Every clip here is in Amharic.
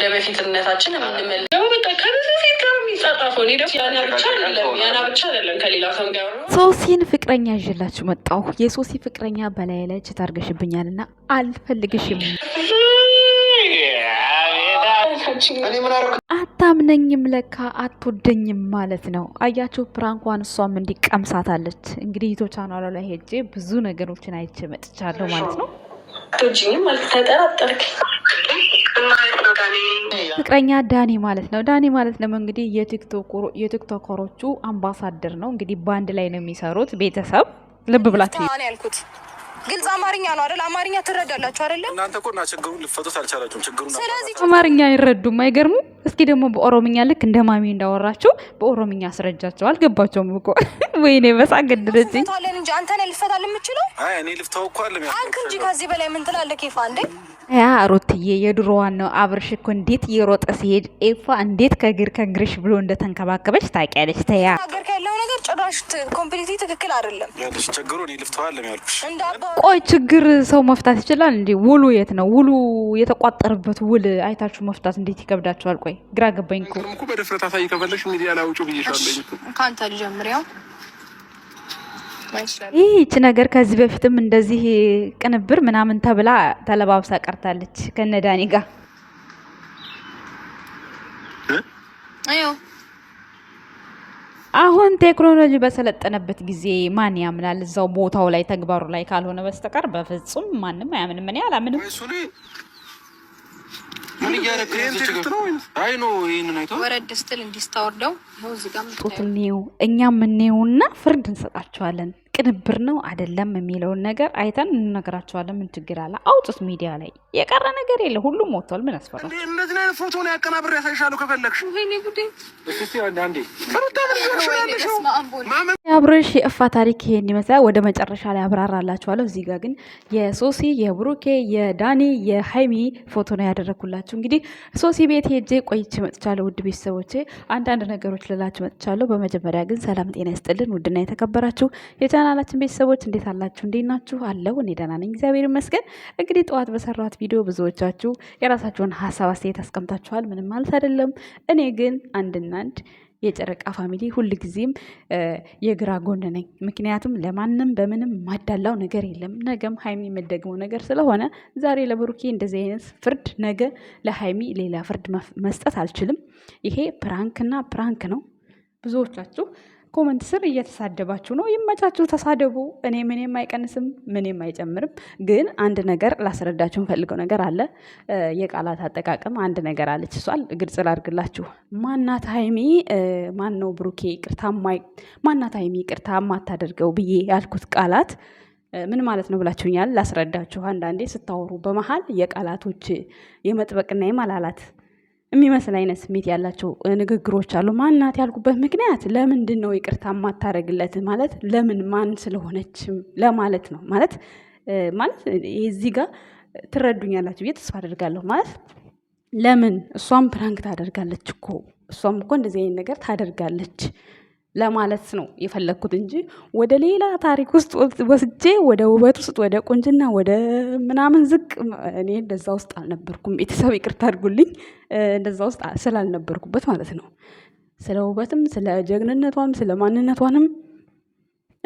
ወደ በፊትነታችን የምንመለስ ደግሞ በቃ ከብዙ ሴት ጋር የሚጻጣፈው እኔ ደግሞ ያና ብቻ አይደለም ያና ብቻ አይደለም ከሌላ ሰው ጋር ሶሲን ፍቅረኛ ይዤላችሁ መጣሁ። የሶሲ ፍቅረኛ በላይ ላይ ችት አድርገሽብኛልና አልፈልግሽም። አታምነኝም ለካ አትወደኝም ማለት ነው። አያችሁ ፕራንኳን እሷም እንዲቀምሳታለች። እንግዲህ ዩቲዩብ ላይ ሄጄ ብዙ ነገሮችን አይቼ መጥቻለሁ ማለት ነው። አትወጂኝም ማለት ተጠራጠርክ ፍቅረኛ ዳኒ ማለት ነው። ዳኒ ማለት ነው እንግዲህ የቲክቶከሮቹ አምባሳደር ነው። እንግዲህ በአንድ ላይ ነው የሚሰሩት። ቤተሰብ ልብ ብላት ያልኩት ግልጽ አማርኛ ነው አይደል? አማርኛ ትረዳላችሁ አይደል? እናንተ እኮ እና ችግሩን ልፈቱት አልቻላችሁም። ችግሩን ስለዚህ አማርኛ አይረዱም። አይገርሙ። እስኪ ደግሞ በኦሮምኛ ልክ እንደ ማሚ እንዳወራቸው በኦሮምኛ አስረጃቸው። አልገባቸውም እኮ ወይኔ፣ በሳቅ ገደደችኝ። አንተ ነህ ልፈታል የምችለው። አይ እኔ ልፍታው እኮ አልም ያልኩት አልክ እንጂ ከዚህ በላይ ምን ትላለህ? ኬፋ እንዴ ያ ሩትዬ የድሮዋን ነው። አብርሽ እኮ እንዴት የሮጠ ሲሄድ ኤፋ እንዴት ከግር ከእግርሽ ብሎ እንደተንከባከበች ታውቂያለሽ። ተያ ነገር ካለው ነገር ጭራሽ ኮምፕሊቲ ትክክል አይደለም ያለሽ ችግሩ እኔ ልፍተዋል ለሚያልኩሽ ቆይ ችግር ሰው መፍታት ይችላል እንዲ? ውሉ የት ነው ውሉ? የተቋጠረበት ውል አይታችሁ መፍታት እንዴት ይከብዳቸዋል? ቆይ ግራ ገባኝ እኮ በደፍረት አሳይ ከፈለሽ ሚዲያ ላይ አውጪው ከአንተ ልጀምር ያው ይህች ነገር ከዚህ በፊትም እንደዚህ ቅንብር ምናምን ተብላ ተለባብሳ ቀርታለች ከነዳኒ ጋር አሁን ቴክኖሎጂ በሰለጠነበት ጊዜ ማን ያምናል? እዛው ቦታው ላይ ተግባሩ ላይ ካልሆነ በስተቀር በፍጹም ማንም አያምንም። እኔ አላምንም። ምን እያደረክ ነው? እኛ የምንየውና ፍርድ እንሰጣቸዋለን። ቅንብር ነው አይደለም የሚለውን ነገር አይተን እንነግራቸዋለን። ምን ችግር አለ? አውጡት። ሚዲያ ላይ የቀረ ነገር የለ፣ ሁሉም ሞቷል። ምን ያስፈራል? እንደዚህ አይነት ፎቶ ነው ያቀናብር ያሳይሻለሁ ከፈለግሽ የአብርሽ የእፋ ታሪክ ይሄን ይመስላል። ወደ መጨረሻ ላይ አብራራላችኋለሁ። እዚህ ጋር ግን የሶሲ የብሩኬ የዳኒ የሀይሚ ፎቶ ነው ያደረግኩላችሁ። እንግዲህ ሶሲ ቤት ሄጄ ቆይቼ መጥቻለሁ። ውድ ቤተሰቦቼ አንዳንድ ነገሮች ልላችሁ መጥቻለሁ። በመጀመሪያ ግን ሰላም ጤና ይስጥልን። ውድና የተከበራችሁ የቻናላችን ቤተሰቦች እንዴት አላችሁ? እንዴት ናችሁ? አለው እኔ ደህና ነኝ፣ እግዚአብሔር ይመስገን። እንግዲህ ጠዋት በሰራሁት ቪዲዮ ብዙዎቻችሁ የራሳችሁን ሀሳብ አስተያየት አስቀምጣችኋል። ምንም ማለት አይደለም። እኔ ግን አንድና አንድ የጨረቃ ፋሚሊ ጊዜም የግራ ጎን ነኝ። ምክንያቱም ለማንም በምንም ማዳላው ነገር የለም። ነገም ሀይሚ የምደግመው ነገር ስለሆነ ዛሬ ለብሩኬ እንደዚህ አይነት ፍርድ፣ ነገ ለሀይሚ ሌላ ፍርድ መስጠት አልችልም። ይሄ ፕራንክና ፕራንክ ነው። ብዙዎቻችሁ ኮመንት ስር እየተሳደባችሁ ነው። ይመቻችሁ፣ ተሳደቡ። እኔ ምንም አይቀንስም፣ ምንም አይጨምርም። ግን አንድ ነገር ላስረዳችሁ ፈልገው ነገር አለ። የቃላት አጠቃቀም አንድ ነገር አለች፣ እሷል ግልጽ ላድርግላችሁ። ማናት ሀይሚ ማን ነው ብሩኬ ቅርታ ማናት ሀይሚ ቅርታ ማታደርገው ብዬ ያልኩት ቃላት ምን ማለት ነው ብላችሁኛል። ላስረዳችሁ። አንዳንዴ ስታወሩ በመሀል የቃላቶች የመጥበቅና የማላላት የሚመስል አይነት ስሜት ያላቸው ንግግሮች አሉ። ማናት ያልኩበት ምክንያት ለምንድን ነው ይቅርታ ማታደረግለት ማለት ለምን ማን ስለሆነችም ለማለት ነው። ማለት ማለት የዚህ ጋር ትረዱኛላችሁ ብዬ ተስፋ አደርጋለሁ። ማለት ለምን እሷም ፕራንክ ታደርጋለች እኮ እሷም እኮ እንደዚህ አይነት ነገር ታደርጋለች ለማለት ነው የፈለግኩት እንጂ ወደ ሌላ ታሪክ ውስጥ ወስጄ ወደ ውበት ውስጥ ወደ ቁንጅና ወደ ምናምን ዝቅ እኔ እንደዛ ውስጥ አልነበርኩም። ቤተሰብ ይቅርታ አድርጉልኝ፣ እንደዛ ውስጥ ስላልነበርኩበት ማለት ነው። ስለ ውበትም ስለ ጀግንነቷም ስለ ማንነቷንም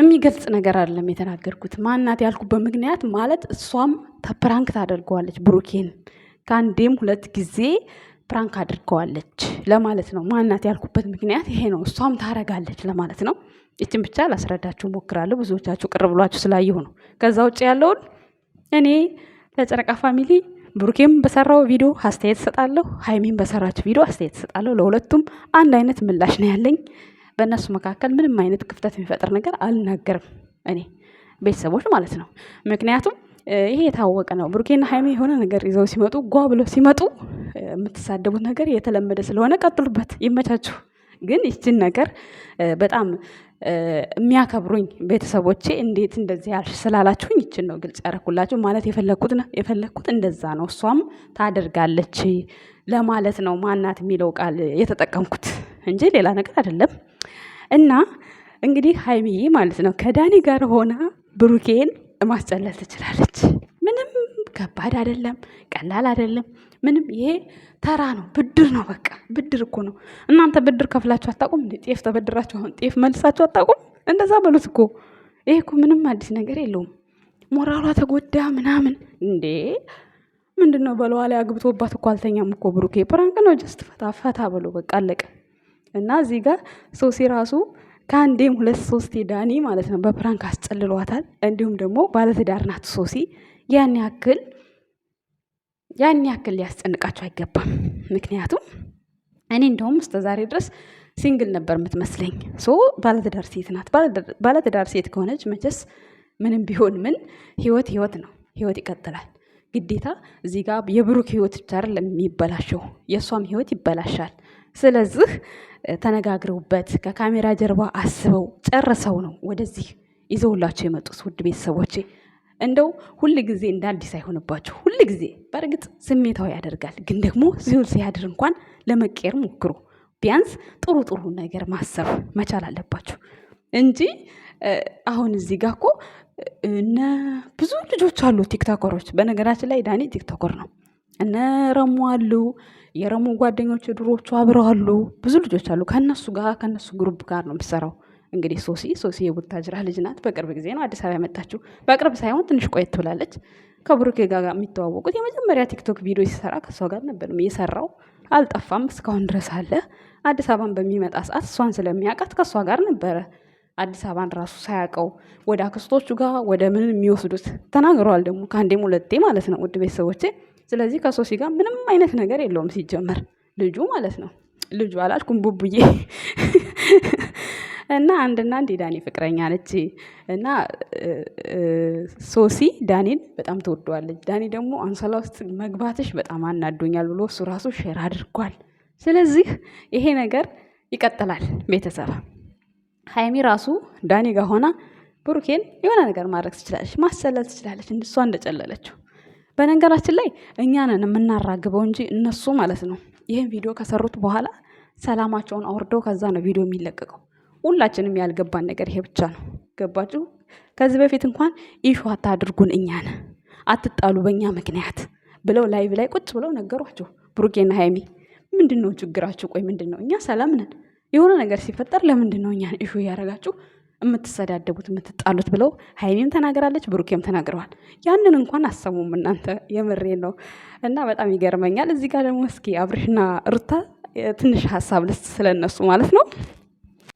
የሚገልጽ ነገር አይደለም የተናገርኩት። ማናት ያልኩበት ምክንያት ማለት እሷም ተፕራንክ ታደርገዋለች ብሩኬን ከአንዴም ሁለት ጊዜ ፕራንክ አድርገዋለች ለማለት ነው። ማናት ያልኩበት ምክንያት ይሄ ነው። እሷም ታረጋለች ለማለት ነው። ይችን ብቻ ላስረዳችሁ ሞክራለሁ። ብዙዎቻችሁ ቅር ብሏችሁ ስላየሁ ነው። ከዛ ውጭ ያለውን እኔ ለጨረቃ ፋሚሊ ብሩኬም በሰራው ቪዲዮ አስተያየት እሰጣለሁ፣ ሀይሚም በሰራችሁ ቪዲዮ አስተያየት እሰጣለሁ። ለሁለቱም አንድ አይነት ምላሽ ነው ያለኝ። በእነሱ መካከል ምንም አይነት ክፍተት የሚፈጥር ነገር አልናገርም እኔ ቤተሰቦች ማለት ነው ምክንያቱም ይሄ የታወቀ ነው። ብሩኬና ሀይሚ የሆነ ነገር ይዘው ሲመጡ ጓ ብለው ሲመጡ የምትሳደቡት ነገር የተለመደ ስለሆነ ቀጥሉበት፣ ይመቻችሁ። ግን ይችን ነገር በጣም የሚያከብሩኝ ቤተሰቦቼ እንዴት እንደዚህ ያልሽ ስላላችሁኝ ይችን ነው ግልጽ ያደረኩላችሁ። ማለት የፈለግኩት የፈለግኩት እንደዛ ነው። እሷም ታደርጋለች ለማለት ነው ማናት የሚለው ቃል የተጠቀምኩት እንጂ ሌላ ነገር አይደለም። እና እንግዲህ ሀይሚዬ ማለት ነው ከዳኒ ጋር ሆና ብሩኬን ማስጨለል ትችላለች። ምንም ከባድ አይደለም፣ ቀላል አይደለም። ምንም ይሄ ተራ ነው፣ ብድር ነው። በቃ ብድር እኮ ነው። እናንተ ብድር ከፍላችሁ አታውቁም እንዴ? ጤፍ ተበድራችሁ አሁን ጤፍ መልሳችሁ አታውቁም? እንደዛ በሉት እኮ። ይሄ እኮ ምንም አዲስ ነገር የለውም። ሞራሏ ተጎዳ ምናምን እንዴ ምንድን ነው በለዋ ላይ አግብቶባት እኮ አልተኛም እኮ ብሩኬ። ፕራንክ ነው። ጀስት ፈታ ፈታ ብሎ በቃ አለቀ። እና እዚህ ጋር ሶሲ ራሱ ከአንዴም ሁለት ሶስቴ ዳኒ ማለት ነው በፕራንክ አስጨልሏታል። እንዲሁም ደግሞ ባለትዳር ናት ሶሲ። ያን ያክል ያን ያክል ሊያስጨንቃቸው አይገባም። ምክንያቱም እኔ እንደውም እስከ ዛሬ ድረስ ሲንግል ነበር የምትመስለኝ። ሶ ባለትዳር ሴት ናት። ባለትዳር ሴት ከሆነች መቼስ ምንም ቢሆን ምን ህይወት ህይወት ነው፣ ህይወት ይቀጥላል። ግዴታ እዚህ ጋር የብሩክ ህይወት ብቻ አይደለም የሚበላሸው፣ የእሷም ህይወት ይበላሻል። ስለዚህ ተነጋግረውበት ከካሜራ ጀርባ አስበው ጨርሰው ነው ወደዚህ ይዘውላቸው የመጡት። ውድ ቤተሰቦቼ እንደው ሁል ጊዜ እንደ አዲስ አይሆንባችሁ። ሁል ጊዜ በእርግጥ ስሜታዊ ያደርጋል፣ ግን ደግሞ ዝውል ሲያድር እንኳን ለመቀየር ሞክሩ። ቢያንስ ጥሩ ጥሩ ነገር ማሰብ መቻል አለባችሁ እንጂ አሁን እዚህ ጋር እኮ እነ ብዙ ልጆች አሉ ቲክቶከሮች። በነገራችን ላይ ዳኒ ቲክቶከር ነው። እነ ረሙ አሉ የረሙ ጓደኞች ድሮቹ አብረው አሉ። ብዙ ልጆች አሉ። ከነሱ ጋር ከነሱ ግሩፕ ጋር ነው የምትሰራው። እንግዲህ ሶሲ ሶሲ የቡታጅራ ልጅ ናት። በቅርብ ጊዜ ነው አዲስ አበባ የመጣችው። በቅርብ ሳይሆን ትንሽ ቆየት ትብላለች። ከብሩኬ ጋር የሚተዋወቁት የመጀመሪያ ቲክቶክ ቪዲዮ ሲሰራ ከእሷ ጋር ነበር የሰራው። አልጠፋም፣ እስካሁን ድረስ አለ። አዲስ አበባን በሚመጣ ሰዓት እሷን ስለሚያውቃት ከእሷ ጋር ነበረ። አዲስ አበባን ራሱ ሳያውቀው ወደ አክስቶቹ ጋር ወደ ምን የሚወስዱት ተናግረዋል። ደግሞ ከአንዴም ሁለቴ ማለት ነው። ውድ ቤተሰቦቼ ስለዚህ ከሶሲ ጋር ምንም አይነት ነገር የለውም ሲጀመር ልጁ ማለት ነው። ልጁ አላልኩም ቡቡዬ እና አንድና አንድ የዳኒ ፍቅረኛ ነች እና ሶሲ ዳኒን በጣም ትወደዋለች። ዳኒ ደግሞ አንሶላ ውስጥ መግባትሽ በጣም አናዶኛል ብሎ እሱ ራሱ ሼር አድርጓል። ስለዚህ ይሄ ነገር ይቀጥላል። ቤተሰብ ሀይሚ ራሱ ዳኒ ጋር ሆና ብሩኬን የሆነ ነገር ማድረግ ትችላለች፣ ማሰለል ትችላለች። እንድሷ እንደጨለለችው በነገራችን ላይ እኛንን የምናራግበው እንጂ እነሱ ማለት ነው ይህን ቪዲዮ ከሰሩት በኋላ ሰላማቸውን አውርደው ከዛ ነው ቪዲዮ የሚለቀቀው። ሁላችንም ያልገባን ነገር ይሄ ብቻ ነው። ገባችሁ? ከዚህ በፊት እንኳን ኢሹ አታድርጉን፣ እኛን አትጣሉ በእኛ ምክንያት ብለው ላይቭ ላይ ቁጭ ብለው ነገሯቸው። ብሩኬና ሀይሚ ምንድን ነው ችግራችሁ? ቆይ ምንድን ነው እኛ ሰላም ነን። የሆነ ነገር ሲፈጠር ለምንድን ነው እኛን ኢሹ እያደረጋችሁ የምትሰዳደቡት የምትጣሉት ብለው ሀይሜም ተናግራለች፣ ብሩኬም ተናግረዋል። ያንን እንኳን አሰሙም እናንተ የምሬ ነው። እና በጣም ይገርመኛል። እዚህ ጋር ደግሞ እስኪ አብርሽና ሩታ ትንሽ ሀሳብ ልስጥ ስለነሱ ማለት ነው።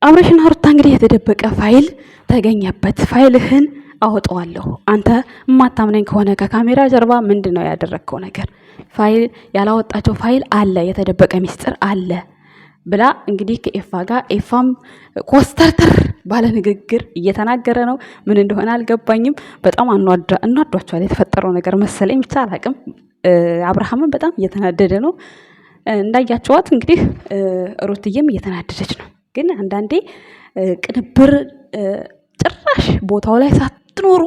አብርሽና ሩታ እንግዲህ የተደበቀ ፋይል ተገኘበት። ፋይልህን አውጠዋለሁ። አንተ የማታምነኝ ከሆነ ከካሜራ ጀርባ ምንድን ነው ያደረግከው ነገር? ፋይል ያላወጣቸው ፋይል አለ፣ የተደበቀ ሚስጥር አለ ብላ እንግዲህ ከኤፋ ጋር ኤፋም ኮስተርተር ባለ ንግግር እየተናገረ ነው። ምን እንደሆነ አልገባኝም። በጣም እናዷቸዋል። የተፈጠረው ነገር መሰለኝ ብቻ አላቅም። አብርሃምን በጣም እየተናደደ ነው። እንዳያቸዋት እንግዲህ ሩትዬም እየተናደደች ነው። ግን አንዳንዴ ቅንብር ጭራሽ ቦታው ላይ ሳትኖሩ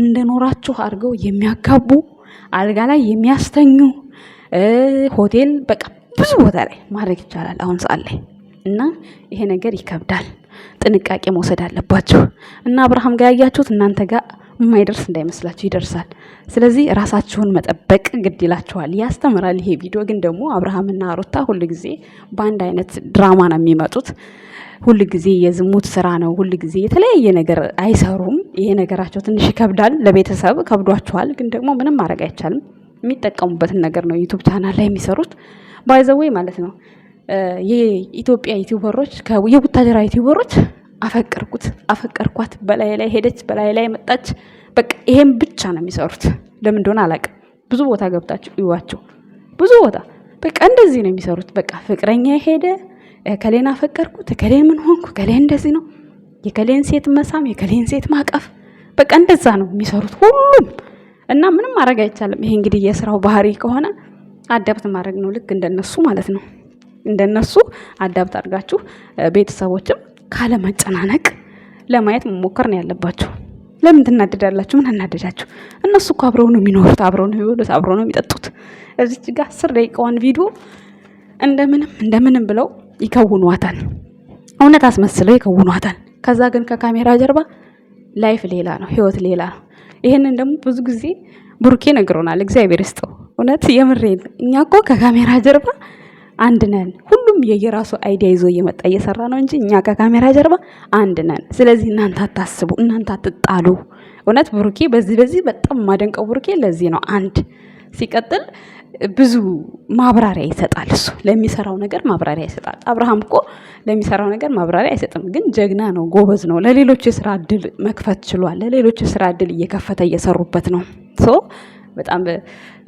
እንደኖራችሁ አድርገው የሚያጋቡ አልጋ ላይ የሚያስተኙ ሆቴል በቃ ብዙ ቦታ ላይ ማድረግ ይቻላል አሁን ሰዓት ላይ እና ይሄ ነገር ይከብዳል። ጥንቃቄ መውሰድ አለባችሁ እና አብርሃም ጋር ያያችሁት እናንተ ጋር የማይደርስ እንዳይመስላችሁ ይደርሳል። ስለዚህ ራሳችሁን መጠበቅ ግድ ይላችኋል። ያስተምራል። ይሄ ቪዲዮ ግን ደግሞ አብርሃምና ሩታ ሁል ጊዜ በአንድ አይነት ድራማ ነው የሚመጡት። ሁል ጊዜ የዝሙት ስራ ነው፣ ሁል ጊዜ የተለያየ ነገር አይሰሩም። ይሄ ነገራቸው ትንሽ ይከብዳል። ለቤተሰብ ከብዷችኋል፣ ግን ደግሞ ምንም ማድረግ አይቻልም። የሚጠቀሙበትን ነገር ነው ዩቱብ ቻናል ላይ የሚሰሩት። ባይዘወይ ማለት ነው። የኢትዮጵያ ዩቲዩበሮች የቡታጀራ ዩቲዩበሮች አፈቀርኩት አፈቀርኳት፣ በላይ ላይ ሄደች፣ በላይ ላይ መጣች። በቃ ይሄን ብቻ ነው የሚሰሩት። ለምን እንደሆነ አላውቅም። ብዙ ቦታ ገብታችሁ እዩዋቸው። ብዙ ቦታ በቃ እንደዚህ ነው የሚሰሩት። በቃ ፍቅረኛ ሄደ፣ ከሌን አፈቀርኩት፣ ከሌን ምን ሆንኩ፣ ከሌን እንደዚህ ነው፣ የከሌን ሴት መሳም፣ የከሌን ሴት ማቀፍ፣ በቃ እንደዛ ነው የሚሰሩት ሁሉም እና ምንም ማድረግ አይቻልም። ይሄ እንግዲህ የስራው ባህሪ ከሆነ አዳብት ማድረግ ነው። ልክ እንደነሱ ማለት ነው። እንደነሱ አዳብት አድርጋችሁ ቤተሰቦችም ካለመጨናነቅ ለማየት መሞከር ነው ያለባችሁ። ለምን ትናደዳላችሁ? ምን አናደዳችሁ? እነሱ እኮ አብረው ነው የሚኖሩት፣ አብረው ነው የሚውሉት፣ አብረው ነው የሚጠጡት። እዚች ጋር አስር ደቂቃዋን ቪዲዮ እንደምንም እንደምንም ብለው ይከውኗታል። እውነት አስመስለው ይከውኗታል። ከዛ ግን ከካሜራ ጀርባ ላይፍ ሌላ ነው፣ ህይወት ሌላ ነው። ይህንን ደግሞ ብዙ ጊዜ ብሩኬ ነግሮናል። እግዚአብሔር ይስጠው። እውነት የምሬን። እኛ እኮ ከካሜራ ጀርባ አንድ ነን። ሁሉም የየራሱ አይዲያ ይዞ እየመጣ እየሰራ ነው እንጂ እኛ ከካሜራ ጀርባ አንድ ነን። ስለዚህ እናንተ አታስቡ፣ እናንተ አትጣሉ። እውነት ብሩኬ በዚህ በዚህ በጣም ማደንቀው ብሩኬ ለዚህ ነው አንድ ሲቀጥል ብዙ ማብራሪያ ይሰጣል። እሱ ለሚሰራው ነገር ማብራሪያ ይሰጣል። አብርሃም እኮ ለሚሰራው ነገር ማብራሪያ አይሰጥም፣ ግን ጀግና ነው፣ ጎበዝ ነው። ለሌሎች የስራ እድል መክፈት ችሏል። ለሌሎች የስራ እድል እየከፈተ እየሰሩበት ነው። በጣም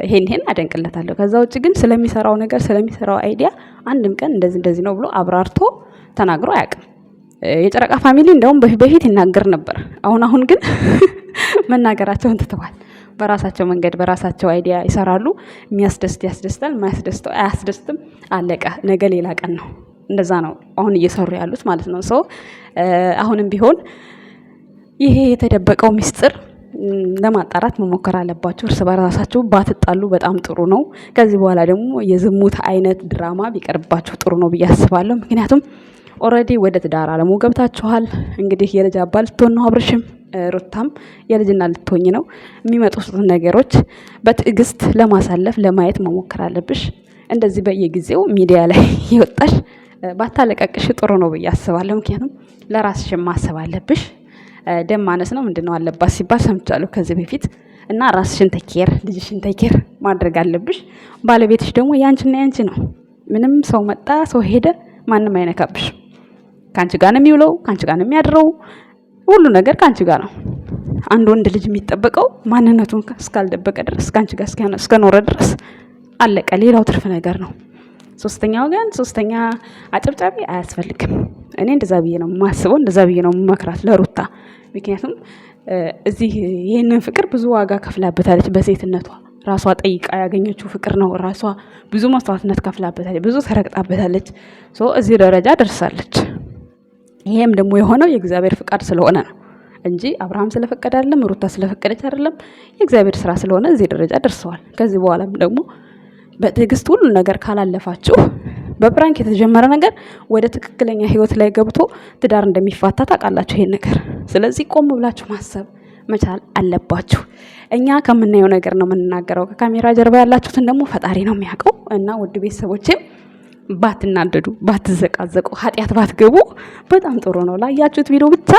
ይሄን ይሄን አደንቅለታለሁ። ከዛ ውጭ ግን ስለሚሰራው ነገር ስለሚሰራው አይዲያ አንድም ቀን እንደዚህ እንደዚህ ነው ብሎ አብራርቶ ተናግሮ አያውቅም። የጨረቃ ፋሚሊ እንደውም በፊት ይናገር ነበር። አሁን አሁን ግን መናገራቸውን ትተዋል። በራሳቸው መንገድ በራሳቸው አይዲያ ይሰራሉ። የሚያስደስት ያስደስታል፣ የማያስደስተው አያስደስትም። አለቀ። ነገ ሌላ ቀን ነው። እንደዛ ነው አሁን እየሰሩ ያሉት ማለት ነው። ሰው አሁንም ቢሆን ይሄ የተደበቀው ሚስጥር ለማጣራት መሞከር አለባቸው። እርስ በራሳቸው ባትጣሉ በጣም ጥሩ ነው። ከዚህ በኋላ ደግሞ የዝሙት አይነት ድራማ ቢቀርባቸው ጥሩ ነው ብዬ አስባለሁ። ምክንያቱም ኦልሬዲ ወደ ትዳር አለሙ ገብታችኋል። እንግዲህ የልጅ አባ ልትሆን ነው አብርሽም ሩታም የልጅና ልትሆኝ ነው። የሚመጡት ነገሮች በትዕግስት ለማሳለፍ ለማየት መሞከር አለብሽ። እንደዚህ በየጊዜው ሚዲያ ላይ ይወጣሽ ባታለቀቅሽ ጥሩ ነው ብዬ አስባለሁ። ምክንያቱም ለራስሽ ማሰብ አለብሽ። ደም ማነስ ነው ምንድነው አለባት ሲባል ሰምቻለሁ ከዚህ በፊት እና ራስሽን ተኬር ልጅሽን ተኬር ማድረግ አለብሽ። ባለቤትሽ ደግሞ ያንቺና ያንቺ ነው። ምንም ሰው መጣ ሰው ሄደ ማንም አይነካብሽ። ከአንቺ ጋር ነው የሚውለው፣ ከአንቺ ጋር ነው የሚያድረው። ሁሉ ነገር ከአንቺ ጋር ነው። አንድ ወንድ ልጅ የሚጠበቀው ማንነቱን እስካልደበቀ ድረስ ከአንቺ ጋር እስከኖረ ድረስ አለቀ። ሌላው ትርፍ ነገር ነው። ሶስተኛ ወገን ሶስተኛ አጨብጫቢ አያስፈልግም። እኔ እንደዛ ብዬ ነው የማስበው፣ እንደዛ ብዬ ነው የምመክራት ለሩታ። ምክንያቱም እዚህ ይህንን ፍቅር ብዙ ዋጋ ከፍላበታለች። በሴትነቷ ራሷ ጠይቃ ያገኘችው ፍቅር ነው። ራሷ ብዙ መስዋዕትነት ከፍላበታለች፣ ብዙ ተረግጣበታለች። እዚህ ደረጃ ደርሳለች። ይሄም ደግሞ የሆነው የእግዚአብሔር ፍቃድ ስለሆነ ነው እንጂ አብርሃም ስለፈቀደ አይደለም፣ ሩታ ስለፈቀደች አይደለም። የእግዚአብሔር ስራ ስለሆነ እዚህ ደረጃ ደርሰዋል። ከዚህ በኋላም ደግሞ በትዕግስት ሁሉን ነገር ካላለፋችሁ በፕራንክ የተጀመረ ነገር ወደ ትክክለኛ ህይወት ላይ ገብቶ ትዳር እንደሚፋታ ታውቃላችሁ ይሄን ነገር። ስለዚህ ቆም ብላችሁ ማሰብ መቻል አለባችሁ። እኛ ከምናየው ነገር ነው የምንናገረው። ከካሜራ ጀርባ ያላችሁትን ደግሞ ፈጣሪ ነው የሚያውቀው። እና ውድ ቤተሰቦችም ባትናደዱ፣ ባትዘቃዘቁ፣ ኃጢአት ባትገቡ በጣም ጥሩ ነው። ላያችሁት ቪዲዮ ብቻ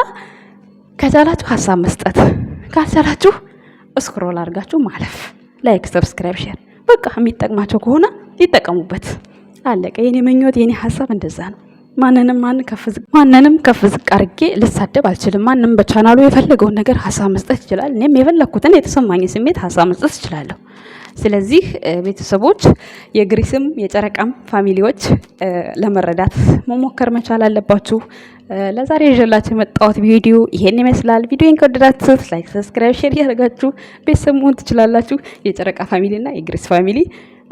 ከቻላችሁ ሀሳብ መስጠት ካልቻላችሁ እስክሮል አድርጋችሁ ማለፍ፣ ላይክ፣ ሰብስክራይብ፣ ሼር በቃ የሚጠቅማቸው ከሆነ ይጠቀሙበት። አለቀ። የኔ ምኞት የኔ ሀሳብ እንደዛ ነው። ማንንም ከፍ ዝቅ አድርጌ ልሳደብ አልችልም። ማንም በቻናሉ የፈለገውን ነገር ሀሳብ መስጠት ይችላል። እኔም የፈለግኩትን የተሰማኝ ስሜት ሀሳብ መስጠት እችላለሁ። ስለዚህ ቤተሰቦች የግሪስም የጨረቃም ፋሚሊዎች ለመረዳት መሞከር መቻል አለባችሁ። ለዛሬ ይዤላችሁ የመጣሁት ቪዲዮ ይሄን ይመስላል። ቪዲዮን ከወደዳችሁት ላይክ፣ ሰብስክራይብ፣ ሼር ያደርጋችሁ ቤተሰብ መሆን ትችላላችሁ። የጨረቃ ፋሚሊና የግሪስ ፋሚሊ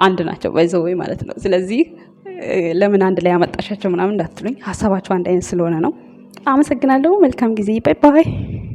አንድ ናቸው ባይዘወይ ማለት ነው። ስለዚህ ለምን አንድ ላይ ያመጣሻቸው ምናምን እንዳትሉኝ፣ ሀሳባቸው አንድ አይነት ስለሆነ ነው። አመሰግናለሁ። መልካም ጊዜ። ባይ ባይ።